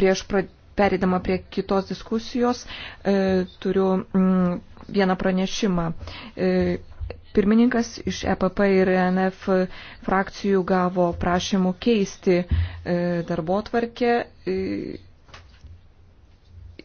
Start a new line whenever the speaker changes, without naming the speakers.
prieš perėdama prie kitos diskusijos e, turiu m, mm, vieną pranešimą. E, Pirmininkas iš EPP ir e NF frakcijų gavo prašymų keisti e, darbo tvarkę. E,